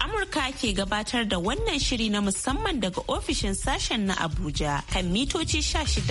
I'm. Amurka ke gabatar da wannan shiri na musamman daga ofishin sashen na Abuja kan mitoci 16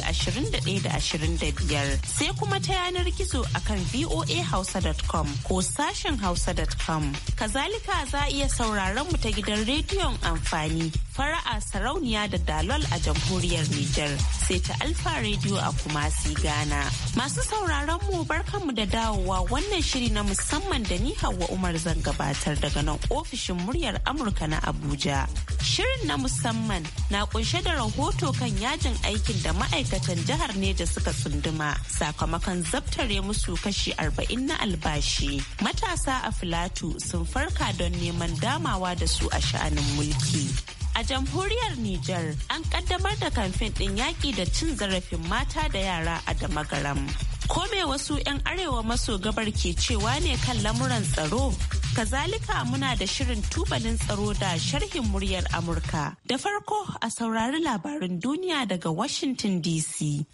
da 25 sai kuma ta yanar gizo akan voahausa.com ko sashen hausa.com. Kazalika za a iya sauraron mu ta gidan rediyon amfani fara'a sarauniya da dalol a jamhuriyar Nijar sai ta Alfa rediyo a Kumasi Ghana. Masu sauraron mu barkanmu da dawowa wannan shiri na musamman da ni Hauwa Umar zan gabatar daga nan ofishin muryar kasar Amurka na Abuja. Shirin na musamman na kunshe da rahoto kan yajin aikin da ma'aikatan jihar ne da suka tsunduma sakamakon zabtare musu kashi arba'in na albashi. Matasa a Filatu sun farka don neman damawa da su a sha'anin mulki. A jamhuriyar Nijar an kaddamar da kamfen ɗin yaƙi da cin zarafin mata da yara a damagaram. Kome wasu 'yan arewa maso gabar ke cewa ne kan lamuran tsaro Kazalika muna da shirin tubalin tsaro da sharhin muryar Amurka. Da farko a saurari labarin duniya daga Washington DC.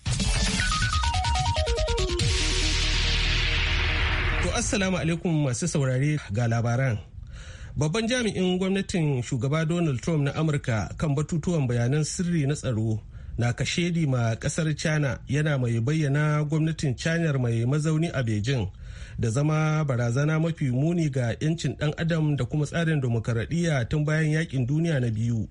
To Assalamu alaikum masu saurare ga labaran. Babban jami'in gwamnatin shugaba Donald Trump na Amurka kan batutuwan bayanan sirri na tsaro na kashedi ma kasar China yana mai bayyana gwamnatin China mai mazauni a Beijing. da zama barazana mafi muni ga 'yancin ɗan adam da kuma tsarin demokaradiyya tun bayan yakin duniya na biyu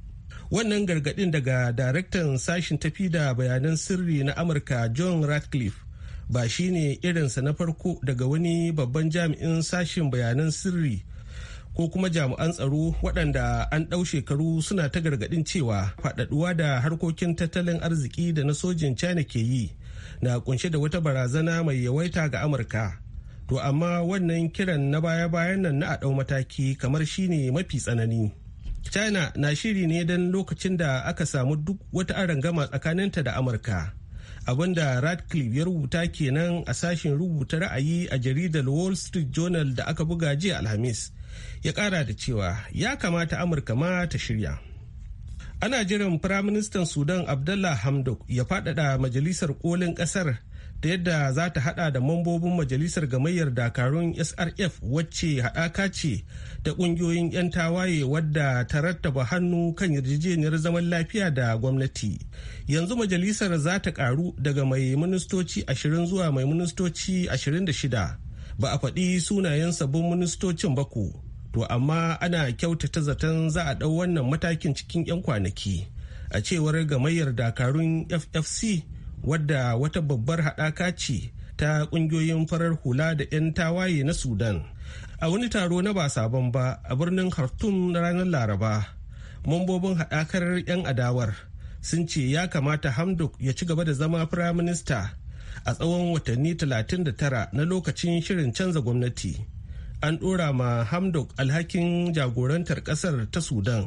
wannan gargaɗin daga daraktan sashin tafi da bayanan sirri na amurka john ratcliffe ba shine irinsa na farko daga wani babban jami'in sashin bayanan sirri ko kuma jami'an tsaro waɗanda an ɗau shekaru suna ta gargaɗin cewa faɗaɗuwa da harkokin tattalin arziki da na sojin china ke yi na kunshe da wata barazana mai yawaita ga amurka to amma wannan kiran na baya-bayan nan na a ɗau mataki kamar shine mafi tsanani china na shiri ne don lokacin da aka samu duk wata arangama tsakaninta da amurka abinda radcliffe ya rubuta kenan a sashen rubuta ra'ayi a jaridar wall street journal da aka buga jiya alhamis ya kara da cewa ya kamata amurka ma ta shirya ana jiran firaministan sudan abdullah hamdok ya faɗaɗa majalisar kolin ƙasar ta yadda za ta hada da mambobin majalisar gamayyar dakarun srf wacce haɗaka ce ta ƙungiyoyin 'yan tawaye wadda ta rattaba hannu kan yarjejeniyar zaman lafiya da gwamnati yanzu majalisar za ta karu daga mai ministoci 20 zuwa mai ministoci 26 ba a faɗi sunayen sabbin ministocin ku to amma ana kyautata zaton za a ɗau wannan matakin cikin 'yan kwanaki a cewar gamayyar dakarun ffc wadda wata babbar haɗaka ce ta ƙungiyoyin farar hula da 'yan tawaye na sudan a wani taro na ba sabon ba a birnin khartoum na ranar laraba mambobin haɗakar 'yan adawar sun ce ya kamata hamdok ya ci gaba da zama firaminista a tsawon watanni 39 na lokacin shirin canza gwamnati an ɗora ma hamdok alhakin jagorantar ƙasar ta sudan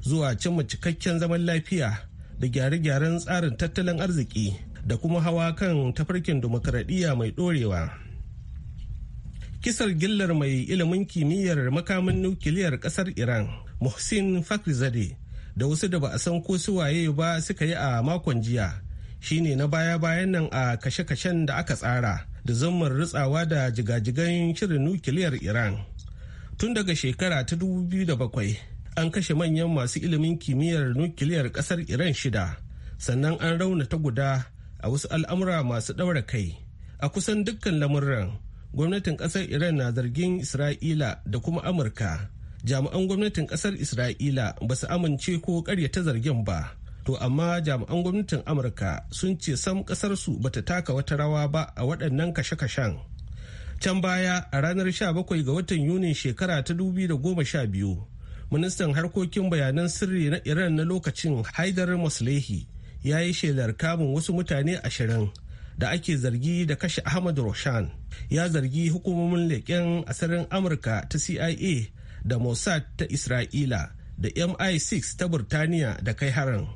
zuwa cimma cikakken zaman lafiya da gyare-gyaren tsarin tattalin arziki da kuma hawa kan tafarkin dimokuraɗiyya mai ɗorewa. Kisar gillar mai ilimin kimiyyar makamin nukiliyar ƙasar Iran, Muhsin Fakhrizade, da wasu da ba a san ko su waye ba suka yi a makon jiya shi ne na baya-bayan nan a kashe-kashen da aka tsara da zammar ritsawa da jigajigan shirin nukiliyar iran tun daga shekara ta 2007 an kashe manyan masu ilimin kimiyyar nukiliyar ƙasar iran shida sannan an raunata guda a wasu al'amura masu ɗaura kai a kusan dukkan lamurran gwamnatin ƙasar iran na zargin isra'ila da kuma amurka jami'an gwamnatin ƙasar isra'ila ba su amince ko ƙaryata zargin ba to amma jami'an gwamnatin amurka sun ce sam ƙasarsu su bata taka wata rawa ba a waɗannan kashe-kashen can baya a ranar 17 ga watan yunin shekara ta 2012 ministan harkokin bayanan sirri na iran na lokacin haidar maslehi ya yi shelar kamun wasu mutane ashirin da ake zargi da kashe ahmad roshan ya zargi hukumomin leƙen asirin amurka ta cia da mossad ta isra'ila da mi6 ta burtaniya da kai harin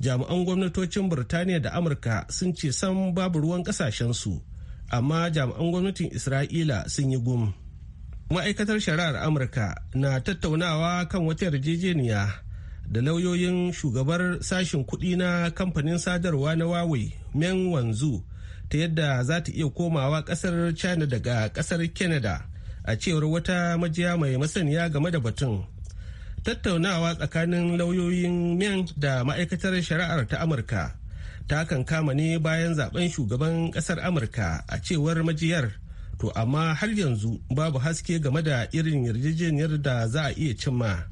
jami'an gwamnatocin burtaniya da amurka sun ce san babu ruwan kasashensu amma jami'an gwamnatin isra'ila sun yi gum ma'aikatar shari'ar amurka na tattaunawa kan wata yarjejeniya da lauyoyin shugabar sashen kuɗi na kamfanin sadarwa na Huawei Meng Wanzu ta yadda za ta iya komawa ƙasar China daga ƙasar Canada a cewar wata majiya mai masaniya game da batun. Tattaunawa tsakanin lauyoyin Meng da ma'aikatar shari'ar ta Amurka ta kan kama ne bayan zaben shugaban ƙasar Amurka a cewar majiyar. To amma har yanzu babu haske game da irin yarjejeniyar da za a iya cimma.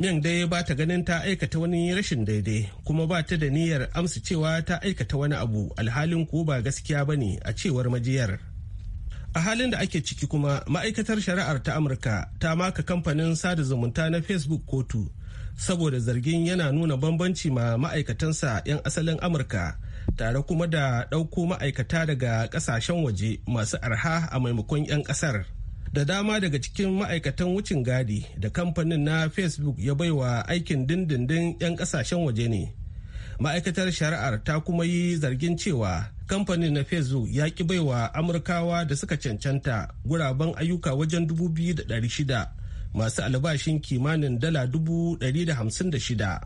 miyan dai ba ta ganin ta aikata wani rashin daidai kuma ba ta da niyyar amsa cewa ta aikata wani abu alhalin ko ba gaskiya ba ne a cewar majiyar. A halin da ake ciki kuma ma'aikatar shari'ar ta Amurka ta maka kamfanin sada zumunta na Facebook kotu saboda zargin yana nuna bambanci ma ma'aikatansa 'yan asalin Amurka tare kuma da ɗauko ma'aikata daga ƙasashen waje masu arha a maimakon 'yan ƙasar. da dama daga cikin ma'aikatan wucin gadi da kamfanin na facebook ya baiwa aikin dindindin 'yan kasashen waje ne ma'aikatar shari'ar ta kuma yi zargin cewa kamfanin na facebook ya ki baiwa amurkawa da suka cancanta guraben ayyuka wajen 2,600 masu albashin kimanin dala 156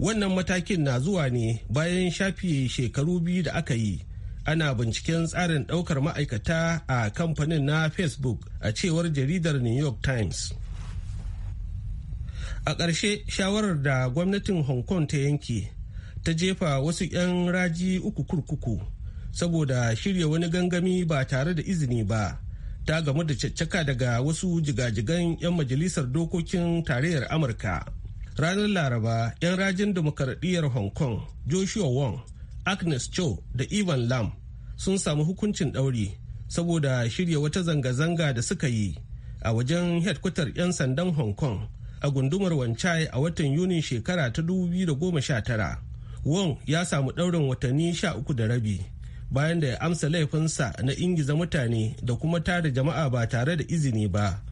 wannan matakin na zuwa ne bayan shafi shekaru biyu da aka yi ana binciken tsarin ɗaukar ma'aikata a kamfanin na facebook a cewar jaridar new york times a ƙarshe shawarar da gwamnatin hong kong ta yanke ta jefa wasu 'yan raji uku kurkuku saboda shirya wani gangami ba tare da izini ba ta gamu da caccaka daga wasu jigajigan 'yan majalisar dokokin tarayyar amurka ranar laraba 'yan rajin demokaradiyyar hong kong joshua wong agnes cho da ivan lam sun samu hukuncin ɗauri saboda shirya wata zanga-zanga da suka yi a wajen hedkwatar 'yan sandan hong kong a gundumar wanchai a watan yuni shekara ta 2019 wong ya samu ɗaurin watanni uku da rabi bayan da ya amsa laifinsa na ingiza mutane da kuma tada jama'a ba tare da izini ba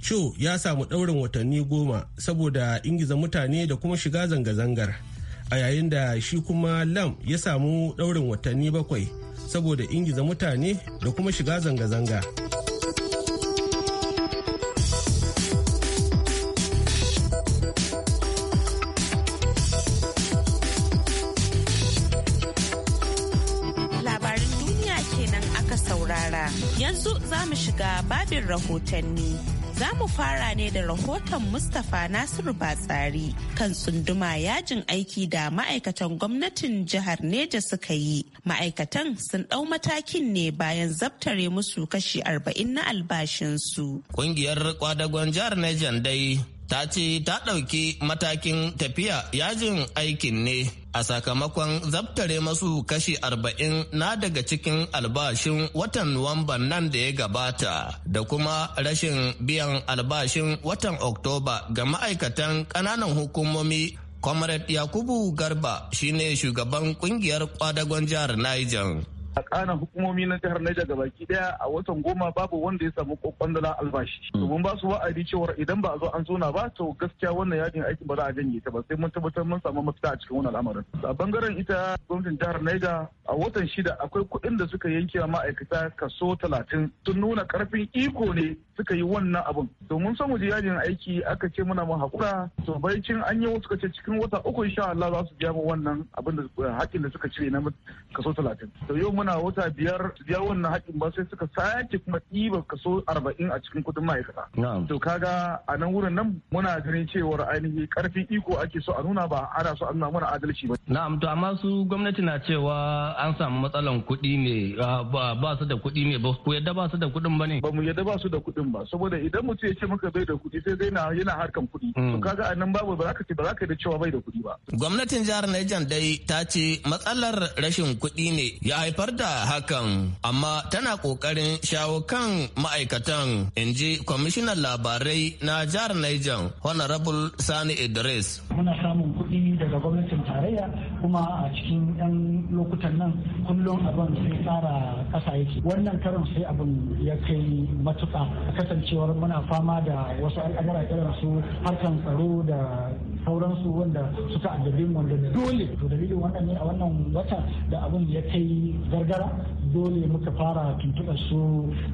cho ya samu ɗaurin watanni goma saboda ingiza mutane da kuma shiga zanga-zangar a yayin da shi kuma lam ya samu daurin watanni bakwai saboda ingiza mutane da kuma shiga zanga-zanga. Labarin duniya kenan aka saurara. Yanzu za mu shiga babin rahotanni. Za mu fara ne da rahoton Mustapha Nasiru Batsari kan tsunduma yajin aiki da ma'aikatan gwamnatin jihar Neja suka yi. Ma'aikatan sun ɗau matakin ne bayan zabtare musu kashi arba'in na albashinsu. Ƙungiyar kwadagon jihar Neja dai ta ce ta ɗauki matakin tafiya yajin aikin ne a sakamakon zabtare masu kashi arba'in na daga cikin albashin watan Nuwamban nan da ya gabata da kuma rashin biyan albashin watan Oktoba ga ma'aikatan ƙananan hukumomi Comrade Yakubu Garba shine shugaban kungiyar kwadagon jihar Niger. a kanan hukumomi na jihar Niger ga baki daya a watan goma babu wanda ya samu kokwandalan albashi to mm. mun ba su wa'adi cewa idan ba a zo an zona ba to gaskiya wannan yajin aikin ba za a janye ta ba sai mun tabbatar mun samu mafita a cikin wannan al'amarin a bangaren ita gwamnatin jihar Niger a watan shida akwai kuɗin da suka yanke ma'aikata kaso talatin sun nuna karfin iko ne suka yi wannan abun to mun san je yajin aiki aka ce muna mu hakura to baicin an yi suka ce cikin wata uku insha Allah za su biya mu wannan abin da hakkin da suka cire na kaso talatin to yau muna wata biyar biyar wannan haƙin ba sai suka sake kuma ɗiba kaso arba'in a cikin kudin ma'aikata. To kaga a nan wurin nan muna ganin cewar ainihi karfin iko ake so a nuna ba ana so a nuna mana adalci ba. Na'am to amma su gwamnati na cewa an samu matsalan kuɗi ne ba su da kuɗi ne ba ku yadda ba su da kuɗin ba ne. Ba mu yadda ba su da kuɗin ba saboda idan mutum ya ce maka bai da kuɗi sai dai yana harkan kuɗi. To hmm. kaga a nan babu ba za ka ce ba za ka da cewa bai da kuɗi ba. Gwamnatin jihar Niger dai ta ce matsalar rashin kuɗi ne ya haifar da hakan amma tana kokarin shawo kan ma'aikatan in ji kwamishinan labarai na jihar Niger Honorable Sani Idris. Muna samun kuɗi daga gwamnatin tarayya kuma a cikin 'yan lokutan nan kullum abin sai tsara ƙasa yake wannan karin sai abin ya kai matuƙa kasancewar muna fama da wasu al'amura irin su harkan tsaro da sauransu wanda suka addabi mu wanda dole to dalilin wannan ne a wannan wata da abin ya kai gargara dole muka fara tuntuɓar su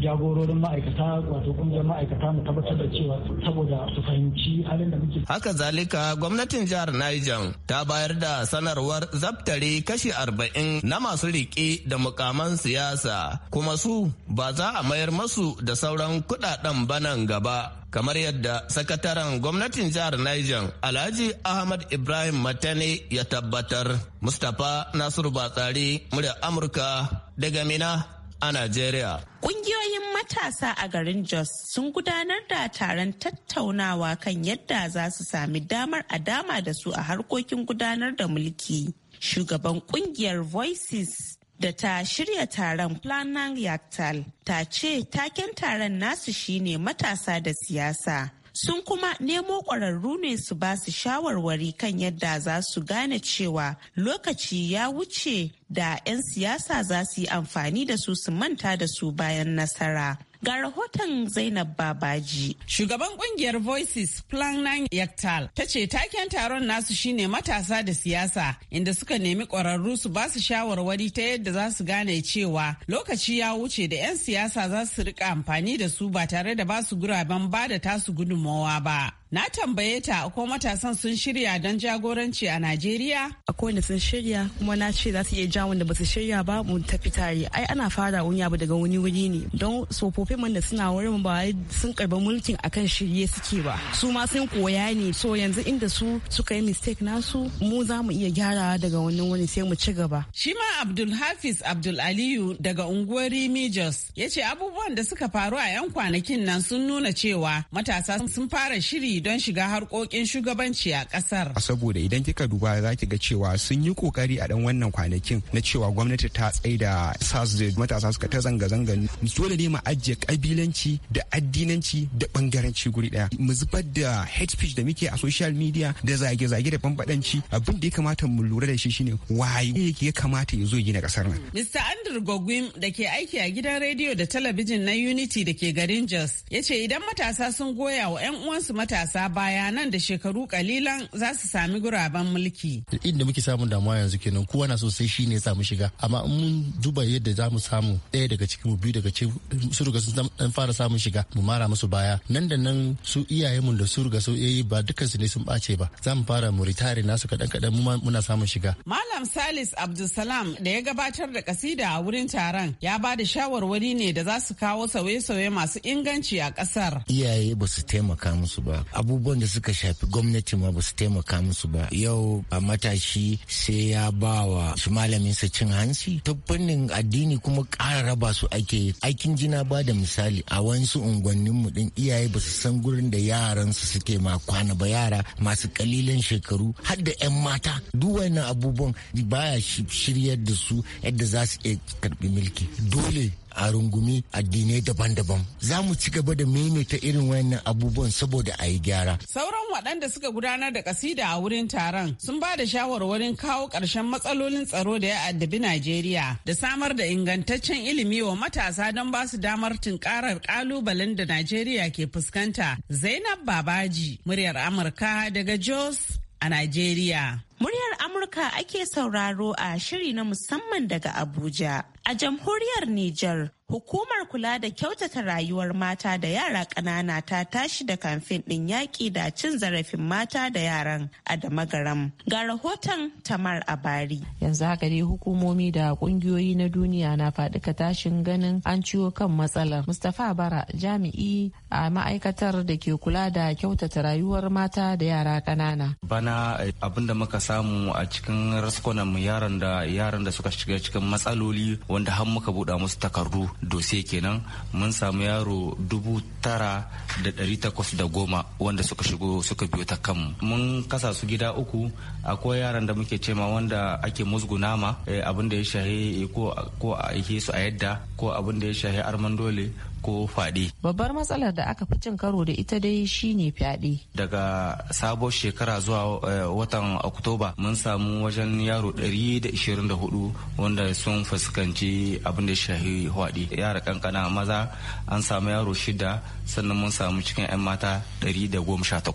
jagororin ma'aikata wato kungiyar ma'aikata mu tabbatar da cewa saboda su fahimci halin da muke. Haka zalika gwamnatin jihar Niger ta bayar da sanarwar zabtare kashi arba'in na masu riƙe da mukaman siyasa kuma su ba za a mayar masu da sauran kuɗaɗen banan gaba. kamar yadda sakataren gwamnatin jihar Niger Alhaji Ahmad Ibrahim Matani ya tabbatar. Mustapha Nasiru Batsari murya Amurka daga Mina a Najeriya. Ƙungiyoyin matasa a garin Jos sun gudanar da taron tattaunawa kan yadda za su sami damar a dama da su a harkokin gudanar da mulki. Shugaban ƙungiyar Voices da ta shirya taron Planang Yaktal ta ce taken taron nasu shine matasa da siyasa. Sun kuma nemo ƙwararru ne su ba su shawarwari kan yadda za su gane cewa lokaci ya wuce da 'yan siyasa za su yi amfani da su su manta da su bayan nasara. Ga rahoton Zainab Babaji. Shugaban kungiyar Voices Plan 9 Yaktal ta ce taken taron nasu shine matasa da siyasa inda suka nemi ƙwararru su ba su shawarwari ta yadda za su gane cewa lokaci ya wuce da 'yan siyasa za su rika amfani da su ba tare da ba su guraben ba da tasu gudunmawa ba. Na tambaye ta ko matasan sun shirya don jagoranci a Najeriya? Akwai wanda sun shirya kuma na ce za su iya ja wanda ba su shirya ba mu tafi tare. Ai ana fara wani abu daga wani wuri ne. Don tsofaffin man da suna wurin ba sun karba mulkin akan shirye suke ba. Su ma sun koya ne. So yanzu inda su suka yi mistake nasu mu za mu iya gyara daga wannan wani sai mu ci gaba. Shi ma Abdul Hafiz Abdul Aliyu daga unguwar Rimijos ya ce abubuwan da suka faru a 'yan kwanakin nan sun nuna cewa matasa sun fara shiri don shiga harkokin shugabanci a kasar. Saboda idan kika duba za ki ga cewa sun yi kokari a dan wannan kwanakin na cewa gwamnati ta tsaida da da matasa suka ta zanga-zanga dole ne mu ajiye kabilanci da addinanci da bangaranci guri daya mu zubar da hate speech da muke a social media da zage-zage da bambadanci abin da ya kamata mu lura da shi shine waye ya kamata ya zo gina kasar nan. Mr. Andrew Gogwim da ke aiki a gidan rediyo da talabijin na Unity da ke garin Jos ya ce idan matasa sun goya wa 'yan uwansu matasa matasa baya nan da shekaru kalilan za su sami guraben mulki. Inda muke samun damuwa yanzu kenan kowa na so sai shi ne samu shiga amma in mun duba yadda za mu samu ɗaya daga cikin mu biyu daga cikin su riga sun fara samun shiga mu mara musu baya nan da nan su iyayenmu da su riga su yayi ba dukkan su ne sun bace ba za mu fara mu ritare nasu kaɗan kaɗan mu muna samun shiga. Malam Salis Abdulsalam da ya gabatar da kasida a wurin taron ya ba da shawarwari ne da za su kawo sauye-sauye masu inganci a ƙasar. Iyaye ba su taimaka musu ba abubuwan da suka shafi gwamnati ma ba su taimaka musu ba yau a matashi sai ya ba wa shi malaminsa cin hanci ta fannin addini kuma ƙara raba su ake aikin jina ba da misali a wasu unguwannin mu din iyaye ba su san gurin da yaran su suke ma kwana ba yara masu kalilan shekaru har da 'yan mata duk wannan abubuwan baya shiryar da su yadda za su iya karbi milki. dole a rungumi addinai daban-daban za mu ci gaba da maimaita irin wayannan abubuwan saboda a yi gyara. Sauran waɗanda suka gudanar da kasida a wurin taron sun ba da shawarwarin kawo ƙarshen matsalolin tsaro da ya addabi Najeriya da samar da ingantaccen ilimi wa matasa don ba su damar tunkarar ƙalubalen da Najeriya ke fuskanta. Zainab Babaji, muryar Amurka daga Jos a Najeriya. Muryar Amurka ake sauraro a shiri na musamman daga Abuja. A jamhuriyar Nijar, Hukumar kula da kyautata rayuwar mata da yara ƙanana ta tashi da kamfen ɗin yaƙi da cin zarafin mata da yaran a garam Ga rahoton Tamar Abari. Yanzu haka dai hukumomi da ƙungiyoyi na duniya na faɗika tashin ganin an ciwo kan matsalar. Mustapha Bara jami'i a ma'aikatar da ke kula da kyautata rayuwar mata da yara ƙanana. Bana eh, abin da muka samu a cikin raskunan yaran da yaran da suka shiga cikin matsaloli wanda har muka buɗa musu takardu dose kenan mun samu yaro dubu tara da dari takwas da goma wanda suka shigo suka biyo ta kanmu mun kasa su gida uku akwai yaran da muke cema wanda ake musgu nama eh, abin da ya shahe eh, ko a aike su a yadda ko abin da ya shahe arman dole ko fyaɗe. Babbar matsalar da aka fi cin karo da ita dai shine fyaɗe. Daga sabuwar shekara zuwa eh, watan Oktoba mun samu wajen yaro 124 wanda sun fuskanci abin da shahi fyaɗe. Yara kankana maza an samu yaro shida sannan mun samu cikin 'yan mata 118.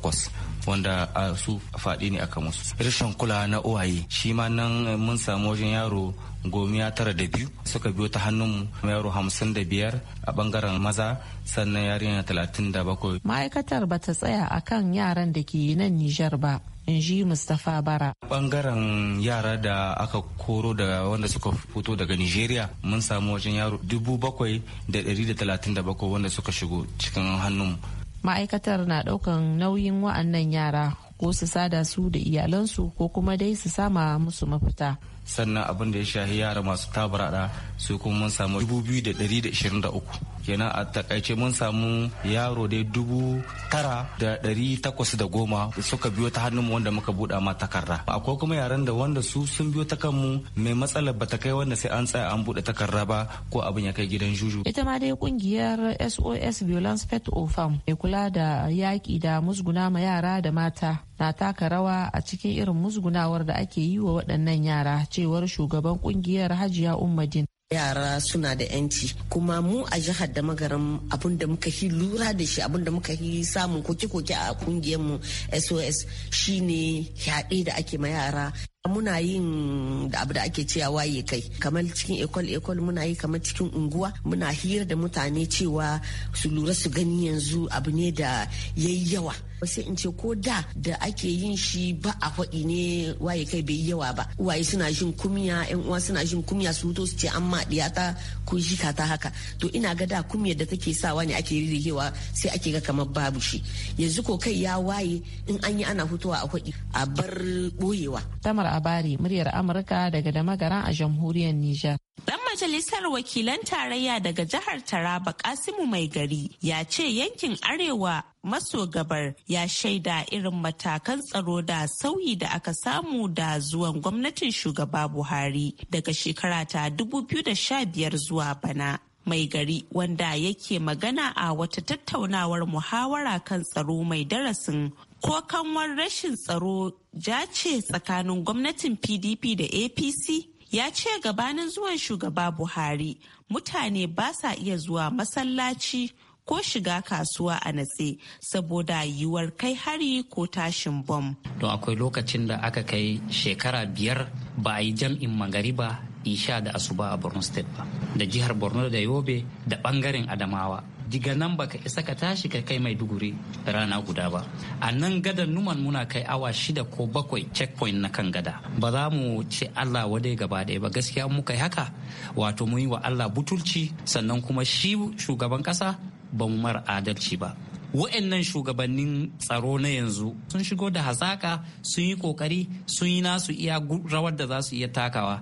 wanda a su fadi ne aka musu rashin kula na uwaye shi ma nan mun samu wajen yaro gomiya tara da biyu suka biyo ta hannunmu yaro hamsin da biyar a bangaren maza sannan yarinya talatin da bakwai. ma'aikatar ba ta tsaya a kan yaran da ke nan nijar ba in ji mustapha bara bangaren yara da aka koro da wanda suka fito daga nigeria mun samu wajen yaro dubu bakwai da dari da talatin da bakwai wanda suka shigo cikin hannun ma'aikatar na ɗaukan nauyin wa'annan yara ko su sada su da iyalansu ko kuma dai su sama musu mafita sannan abin da ya shahi yara masu tabarada su kuma mun samu uku. kenan a takaice mun samu yaro dai dubu tara da ɗari takwas da goma suka biyo ta hannunmu wanda muka buɗa ma takarda akwai kuma yaran da wanda su sun biyo ta kanmu mai matsalar ta kai wanda sai an tsaya an buɗe takarda ba ko abin ya kai gidan juju ita ma dai kungiyar sos violence pet ofam mai kula da yaƙi da musguna ma yara da mata na taka rawa a cikin irin musgunawar da ake yi wa waɗannan yara cewar shugaban kungiyar hajiya ummadin yara suna da yanci kuma mu a jihar da magaran abin da muka yi lura da shi abin da muka yi samun koke-koke a kungiyar mu sos shine yaɗe da ake ma yara muna yin da abu da ake cewa waye kai kamar cikin ekol ekol muna yi kamar cikin unguwa muna hira da mutane cewa su lura su gani yanzu abu ne da yayi yawa sai in ce ko da da ake yin shi ba a faɗi ne waye kai bai yawa ba uwaye suna jin kumya yan uwa suna jin kumya su to su ce an ma ta ko jika ta haka to ina ga da kumyar da take sawa ne ake rigewa sai ake ga kamar babu shi yanzu ko kai ya waye in an yi ana fitowa a faɗi a bar boyewa tamar abari muryar amurka daga damagara a jamhuriyar nijar Dan majalisar wakilan tarayya daga jihar Taraba Kasimu Mai Gari ya ce yankin Arewa maso gabar ya shaida irin matakan tsaro da sauyi da aka samu da zuwan gwamnatin shugaba Buhari daga shekara ta 2015 zuwa bana. mai gari wanda yake magana a wata tattaunawar muhawara kan tsaro mai darasin ko kanwar rashin tsaro jace tsakanin gwamnatin pdp da apc ya ce gabanin zuwan shugaba buhari mutane ba sa iya zuwa masallaci ko shiga kasuwa a natse saboda yiwuwar kai hari ko tashin bom. Don akwai lokacin da aka kai shekara biyar ba a yi jam'in magariba isha da asuba a borno state ba da jihar borno da yobe da bangaren adamawa diga nan ba ka isa ka tashi ka kai mai duguri rana guda ba a nan gadan numan muna kai awa shida ko bakwai checkpoint na kan gada ba za mu ce allah wadai gaba ɗaya ba gaskiya muka yi haka wato mu yi wa allah butulci sannan kuma shi shugaban ƙasa? ba mu mara adalci ba wa'annan shugabannin tsaro na yanzu sun shigo da hazaka sun yi kokari sun yi nasu iya rawar da za su iya takawa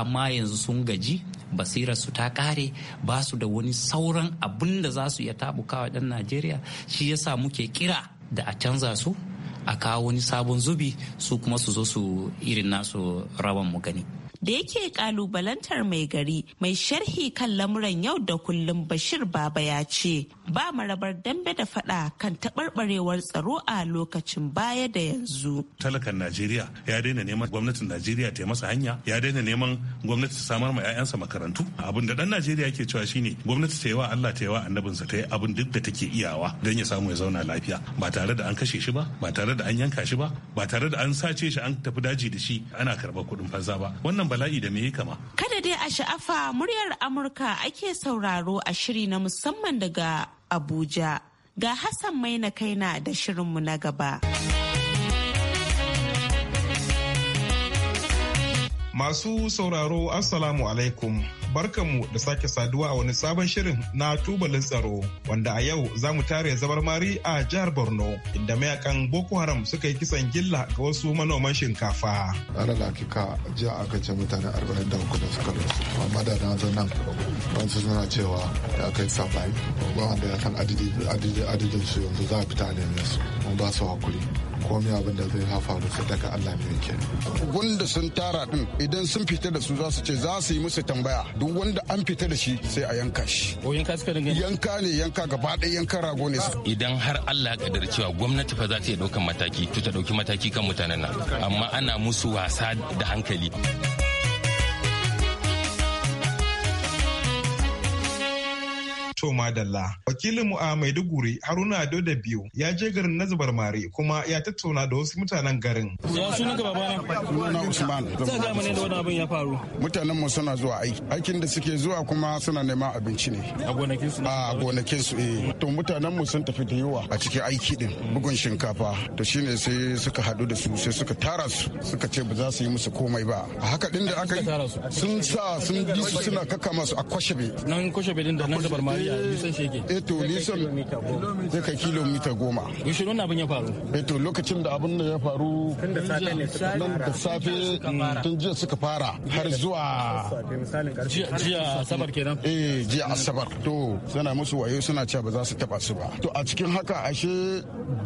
amma yanzu sun gaji basirarsu ta kare ba su da wani sauran abin da za su iya tabukawa dan najeriya shi yasa muke kira da a canza su a kawo wani sabon zubi su kuma su zo su irin nasu rawan mu gani da yake kalubalantar mai gari mai sharhi kan lamuran yau da kullum Bashir Baba ya ce ba marabar dambe da fada kan taɓarɓarewar tsaro a lokacin baya da yanzu. Talakan Najeriya ya daina neman gwamnatin Najeriya ta masa hanya ya daina neman gwamnati ta samar ma sa makarantu abin da dan Najeriya yake cewa shine gwamnati ta yi wa Allah ta yi wa annabinsa ta yi abin duk da take iyawa don ya samu ya zauna lafiya ba tare da an kashe shi ba ba tare da an yanka shi ba ba tare da an sace shi an tafi daji da shi ana karɓar kuɗin fansa ba wannan bala'i da kama kada dai a sha'afa muryar amurka ake sauraro a shiri na musamman daga abuja ga hassan mai na kaina da shirinmu na gaba masu sauraro assalamu alaikum barkanmu da sake saduwa a wani sabon shirin na tubalin tsaro wanda a yau za mu tare zabar mari a jihar Borno inda mayakan Boko Haram suka yi kisan gilla ga wasu manoman shinkafa. Ana da kika jiya aka ce mutane arba'in da hudu suka rasu amma da na zo nan wasu suna cewa ya kai sabai ba wanda ya san adadin su yanzu za a fita ne su mun ba su hakuri. komai abin da zai da sai daga Allah mai yake wanda sun tara din idan sun fita da su za su ce za su yi musu tambaya duk wanda an fita da shi sai a yanka shi ko yanka suka dinga yanka ne yanka gaba ɗaya yanka rago ne idan har Allah ya kadar cewa gwamnati fa za ta iya ɗaukan mataki to ta ɗauki mataki kan mutanen nan amma ana musu wasa da hankali to madalla. Wakilinmu a Maiduguri Haruna Doda biyu ya je garin na zubar mare kuma ya tattauna da wasu mutanen garin. Ya suna Usman. Zan da wani abin ya faru. Mutanen mu suna zuwa aiki. Aikin da suke zuwa kuma suna neman abinci ne. A gonakin su. A gonakin su eh. To mutanen mu sun tafi da yawa a cikin aiki din bugun shinkafa. To shine sai suka haɗu da su sai suka tara su suka ce ba za su yi musu komai ba. A haka din da aka yi sun sa sun bi su suna kaka masu a kwashebe. Nan kwashebe din da nan zubar mare. nisan shege eh to zai kai kilomita goma yaushe wannan abin ya faru eh lokacin da abin da ya faru nan da safe tun jiya suka mm, fara har zuwa jiya asabar kenan eh jiya asabar to suna musu wayo suna cewa ba za su taba su ba to a cikin haka ashe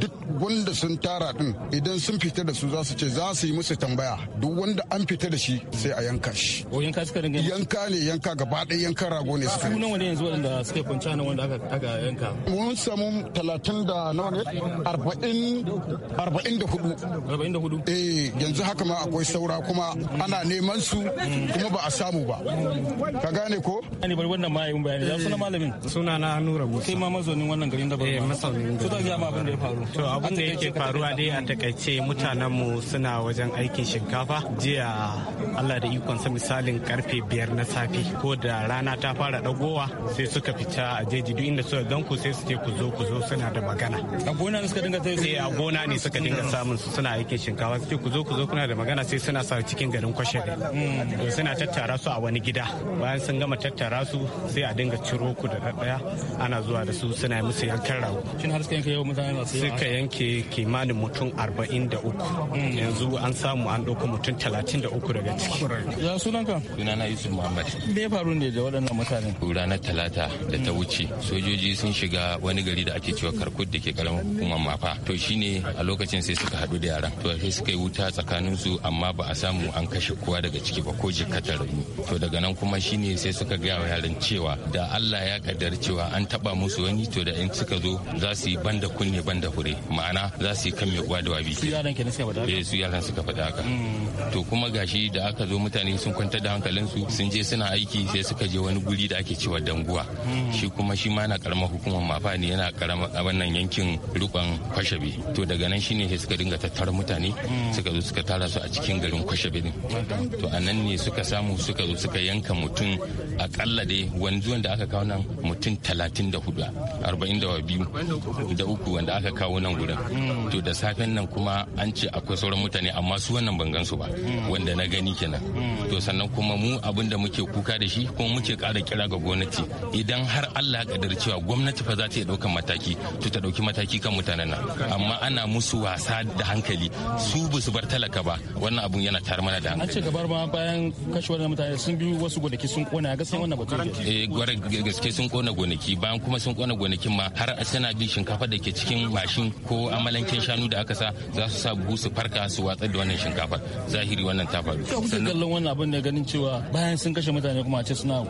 duk wanda sun tara din idan sun fita da su za su ce za su yi musu tambaya duk wanda an fita da shi sai a yanka shi yanka ne yanka gaba ɗaya yankan rago ne suka sunan wani yanzu wanda suka kwanci ne wanda aka yanka mun samu talatin da nawa ne arba'in da hudu arba'in da hudu eh yanzu haka ma akwai saura kuma ana neman su kuma ba a samu ba ka gane ko Ani bari wannan ma mun bayani Sunan suna malamin eh, suna na nura musa kai ma mazaunin wannan garin da ba eh mazaunin to da ga ma abin da ya faru to abin da yake faruwa dai a takaice mutanen mu suna wajen aikin shinkafa jiya Allah da ikon sa misalin karfe biyar na safe ko da rana ta fara dagowa sai suka fita a jeji duk inda suka gan ku sai su ce ku zo ku zo suna da magana a gona ne suka dinga sai su eh, a gona ne suka dinga samun su suna aikin shinkawa su ce ku zo ku zo kuna da magana sai suna sa cikin garin kwashe to suna tattara su a wani gida bayan sun gama tattara su sai a dinga ciro ku da daya ana zuwa da su suna musu yankan rago shin har suka yanke yau mutane masu yawa suka yanke kimanin mutum 43 hmm. yanzu an samu an ɗauko mutum 33 daga ciki ya sunanka sunana Yusuf Muhammad me ya faru ne da waɗannan mutane ranar talata da ta wuce lokaci sojoji sun shiga wani gari da ake cewa karkut da ke karamar hukumar mafa to shine a lokacin sai suka haɗu da yaran to sai suka yi wuta tsakanin su amma ba a samu an kashe kowa daga ciki ba ko jikata rauni to daga nan kuma shine sai suka gaya wa yaran cewa da Allah ya kaddar cewa an taba musu wani to da in suka zo za su yi banda kunne banda hure ma'ana za su yi kan mai uwa da wabi su yaran nasiya suka da haka? Eh, su yaran suka faɗa haka hmm. to kuma gashi da aka zo mutane sun kwantar da hankalinsu sun je suna aiki sai suka je wani guri da ake cewa danguwa hmm. shi kuma shi ma na karamar hukumar mafa ne yana a wannan yankin rukon kwashabe to daga nan shine sai suka dinga tattara mutane mm. suka zo suka tara su a cikin garin kwashabe din to a nan ne suka samu suka zo suka yanka mutum akalla dai wanzu wanda aka kawo nan mutum talatin da hudu arba'in da biyu da uku wanda aka kawo nan gudan mm. to da safen nan kuma an ce akwai sauran mutane amma su wannan ban gan su ba mm. wanda na gani kenan to sannan kuma mu abin da muke kuka da shi kuma muke kara kira ga gwamnati idan har Allah Allah ya kadar cewa gwamnati fa za ta iya ɗaukan mataki to ta dauki mataki kan mutanen nan amma ana musu wasa da hankali su ba su bar talaka ba wannan abun yana tar mana da hankali an ce gabar ma bayan kashe wannan mutane sun bi wasu gonaki sun kona san wannan batun eh gwara gaske sun kona gonaki bayan kuma sun kona gonakin ma har a sana bin shinkafa da ke cikin mashin ko amalankin shanu da aka sa za su sa buhu su farka su watsar da wannan shinkafa zahiri wannan ta faru sannan kallon wannan abun ne ganin cewa bayan sun kashe mutane kuma a ce suna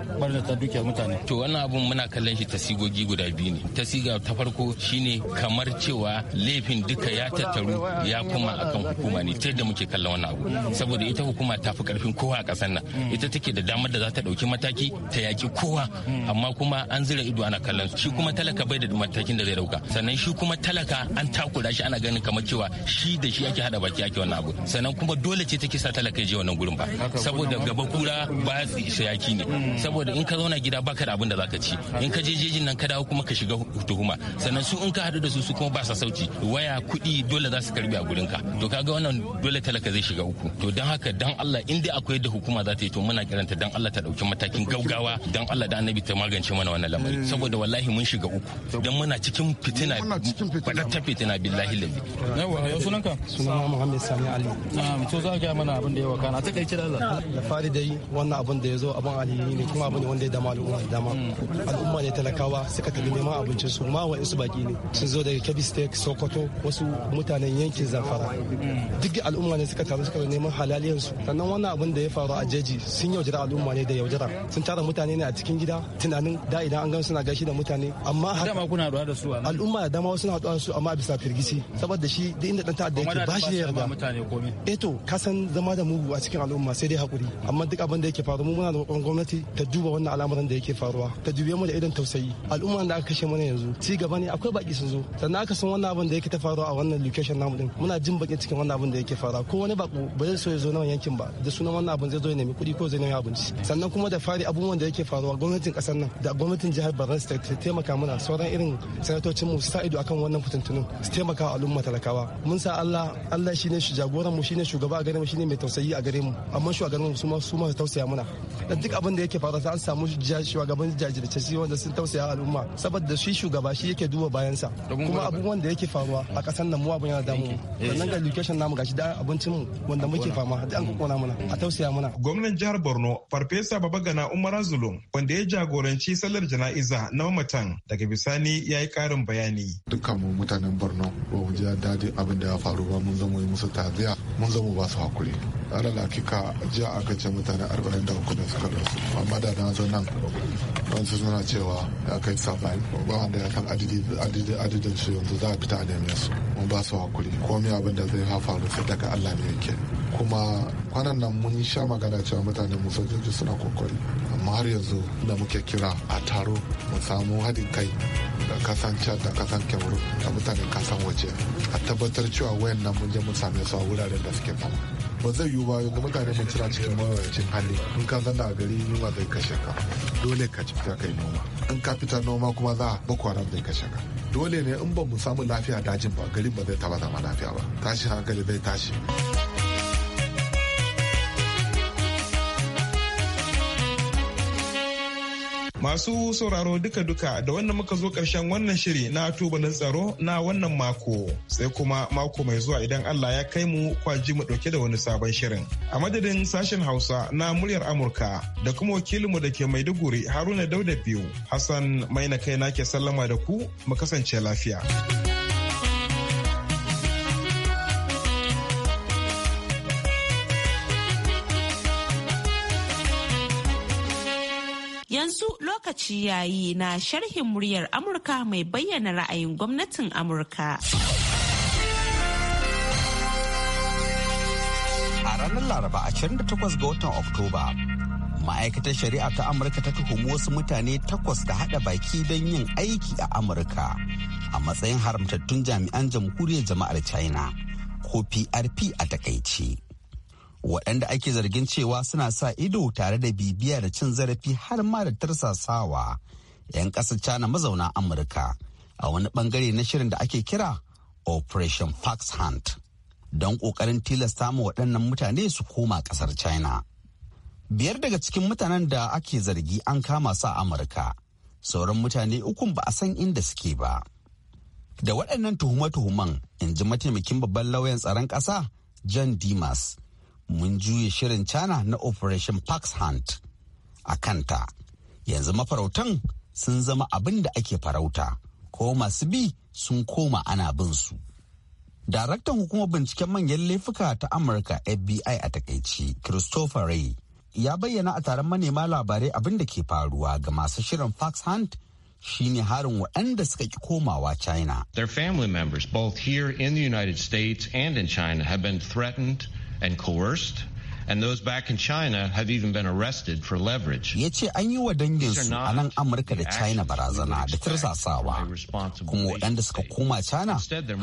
ta dukiyar mutane to wannan abun muna kallon kallon shi ta guda biyu ne ta ta farko shine kamar cewa laifin duka ya tattaru ya kuma akan hukuma ne ta yadda muke kallon wannan abu saboda ita hukuma ta fi karfin kowa a kasar nan ita take da damar da za ta dauki mataki ta yaki kowa amma kuma an zira ido ana kallon shi kuma talaka bai da matakin da zai dauka sannan shi kuma talaka an takura shi ana ganin kamar cewa shi da shi ake hada baki ake wannan abu sannan kuma dole ce take sa talaka ya je wannan gurin ba saboda gaba kura ba su yaki ne saboda in ka zauna gida baka da abin da zaka ci in ka je nan ka dawo kuma ka shiga tuhuma sannan su in ka hadu da su su kuma ba sa sauci waya kuɗi dole za su karbi a gurin ka to kaga wannan dole talaka zai shiga uku to don haka dan Allah in dai akwai da hukuma za ta yi to muna kiranta dan Allah ta dauki matakin gaugawa dan Allah da annabi ta magance mana wannan lamari eh. saboda wallahi mun shiga uku dan muna cikin fitina ta fitina billahi lalle yawa ya sunanka sunana Muhammad Sani Ali na'am to za ga mana abin da yawa kana kai da Allah da fari dai wannan abin da ya zo abin alheri ne kuma abin wanda ya dama al'umma dama hmm. al'umma ne talakawa suka tafi neman abincin su ma wa su baki ne sun zo daga Kebbi State Sokoto wasu mutanen yankin Zamfara duk al'umma ne suka taru suka neman halaliyan su sannan wannan abin da ya faru a jeji sun yaudara al'umma ne da yaudara sun tara mutane ne a cikin gida tunanin da idan an gan suna gashi da mutane amma dama kuna haɗuwa da su al'umma da dama suna haɗuwa da su amma bisa firgici saboda shi duk inda dan ta'adda yake ba shi yarda eh to ka san zama da mugu a cikin al'umma sai dai hakuri amma duk abin da yake faru mu muna da gwamnati ta duba wannan al'amuran da yake faruwa ta dubi mu da idan tausayi al'umma da aka kashe mana yanzu ci gaba ne akwai baki sun zo sannan aka san wannan abin da yake ta faruwa a wannan location namu din muna jin bakin cikin wannan abin da yake faruwa ko wani bako ba zai so ya zo nan yankin ba da sunan wannan abin zai zo ya nemi kuɗi ko zai nemi abinci sannan kuma da fari abubuwan da yake faruwa gwamnatin kasar nan da gwamnatin jihar Borno state ta taimaka mana sauran irin sanatocin mu su sa ido akan wannan fitintunun su taimaka wa al'umma talakawa mun sa Allah Allah shine shi jagoran mu shine shugaba a gare mu shine mai tausayi a gare mu amma shugaban mu su ma su tausaya mana dan duk abin da yake faruwa an samu shugaban jajirce wanda sun tausaya al'umma saboda shi shugaba shi yake duba bayansa kuma abubuwan da yake faruwa a kasar nan mu abun yana damu sannan ga education namu gashi da abincin mu wanda muke fama da an kokona mana a tausaya mana gwamnan jihar Borno farfesa Babagana Umar Zulum wanda ya jagoranci sallar jana'iza na mamatan daga bisani ya yi karin bayani dukkan mu mutanen Borno ba mu ji dadi abin da ya faru ba mun zama musu taziya mun zama ba su hakuri alal hakika jiya aka ce mutane 43 da suka rasu amma da na zo nan wasu suna cewa cewa ya kai saba'in ba wanda ya san adadin su yanzu za a fita a neme su mun ba su hakuri komai abin da zai faru sai daga allah ne yake kuma kwanan nan mun sha magana cewa mutanen mu sojoji suna kokari amma har yanzu da muke kira a taro mu samu haɗin kai da kasan chad da kasan kemaru da mutanen kasan waje a tabbatar cewa wayan nan mun je mu same su a wuraren da suke fama ba zai yiwu ba ga mutane mun cira cikin mawayacin hali in ka zanna a gari yunwa zai kashe ka dole ka fita kai noma in ka fita noma kuma za boko haram zai kashe ka dole ne in ba mu samu lafiya dajin ba gari ba zai taba zama lafiya ba tashi hankali zai tashi. Masu sauraro duka-duka da wannan muka zo ƙarshen wannan shiri na tubalin tsaro na wannan mako sai kuma mako mai zuwa idan Allah ya kai mu kwaji mu ɗauke da wani sabon shirin. A madadin sashen Hausa na muryar Amurka da kuma wakilinmu da ke Maiduguri Haruna Dauda biyu Hassan Maina kai na ke sallama da ku mu kasance lafiya. lokaci yayi na sharhin muryar Amurka mai bayyana ra'ayin gwamnatin Amurka. A ranar Laraba 28 ga watan Oktoba, ma'aikatar shari'a ta amurka ta tuhumi wasu mutane takwas da haɗa baki don yin aiki a amurka a matsayin haramtattun jami'an jamhuriyar jama'ar china ko prp a takaici waɗanda ake zargin cewa suna sa ido tare da bibiya da cin zarafi har ma da tarsasawa 'yan ƙasar China mazauna Amurka a wani bangare na shirin da ake kira Operation Fox Hunt don ƙoƙarin tilasta ma waɗannan mutane su koma ƙasar China. Biyar daga cikin mutanen da ake zargi an kama sa Amurka, sauran mutane ukun ba a san inda suke ba. Da waɗannan tuhume-tuhuman, in ji mataimakin babban lauyan tsaron ƙasa, John Dimas, mun juya shirin China na Operation Pax Hunt a kanta. Yanzu mafarautan sun zama abin da ake farauta, ko masu bi sun koma ana binsu Daraktan hukumar binciken manyan laifuka ta Amurka FBI a takaici, Christopher Ray, ya bayyana a taron manema labarai abin da ke faruwa ga masu shirin Fox Hunt shine harin waɗanda suka ki komawa China. Their family members both here in the United States and in China have been threatened and coerced. and those back in China have even been arrested for leverage. Ya ce an yi wa danginsu a nan Amurka da China barazana da tirsasawa, kuma waɗanda suka koma China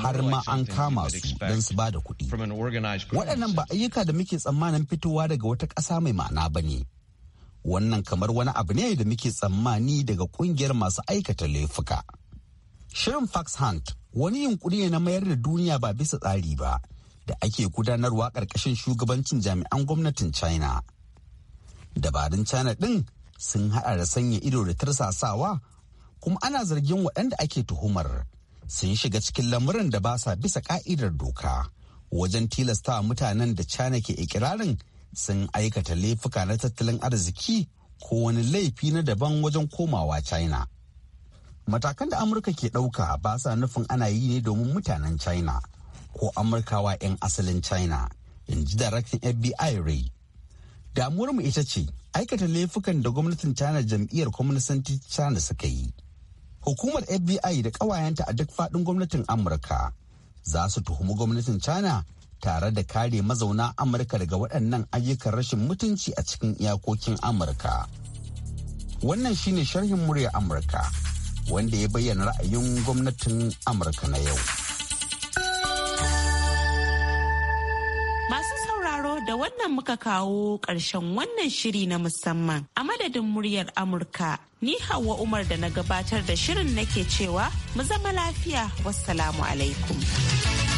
har ma an kama su don su ba da kuɗi. Waɗannan ba ayyuka da muke tsammanin fitowa daga wata ƙasa mai ma'ana ba ne. Wannan kamar wani abu ne da muke tsammani daga ƙungiyar masu aikata laifuka. Shirin Fox Hunt wani yunkuri ne na mayar da duniya ba bisa tsari ba. da ake gudanarwa ƙarƙashin shugabancin jami'an gwamnatin china dabarun china ɗin sun haɗa da sanya ido da tarsasawa kuma ana zargin waɗanda ake tuhumar sun shiga cikin lamuran da ba sa bisa ka'idar doka wajen tilasta mutanen da china ke ikirarin sun aikata laifuka na tattalin arziki ko wani laifi na daban wajen komawa china matakan da amurka ke ɗauka ba sa nufin ana yi ne domin mutanen china ko amurkawa 'yan asalin china in ji daraktan fbi rai damuwar mu ita ce aikata laifukan da gwamnatin china jam'iyyar kwamnisanci china suka yi hukumar fbi da kawayenta a duk fadin gwamnatin amurka za su tuhumi gwamnatin china tare da kare mazauna amurka daga waɗannan ayyukan rashin mutunci a cikin iyakokin amurka wannan shine sharhin murya amurka wanda ya bayyana ra'ayin gwamnatin amurka na yau. muka kawo ƙarshen wannan shiri na musamman a madadin muryar Amurka. Ni Hauwa Umar da na gabatar da shirin nake cewa mu zama lafiya wassalamu alaikum.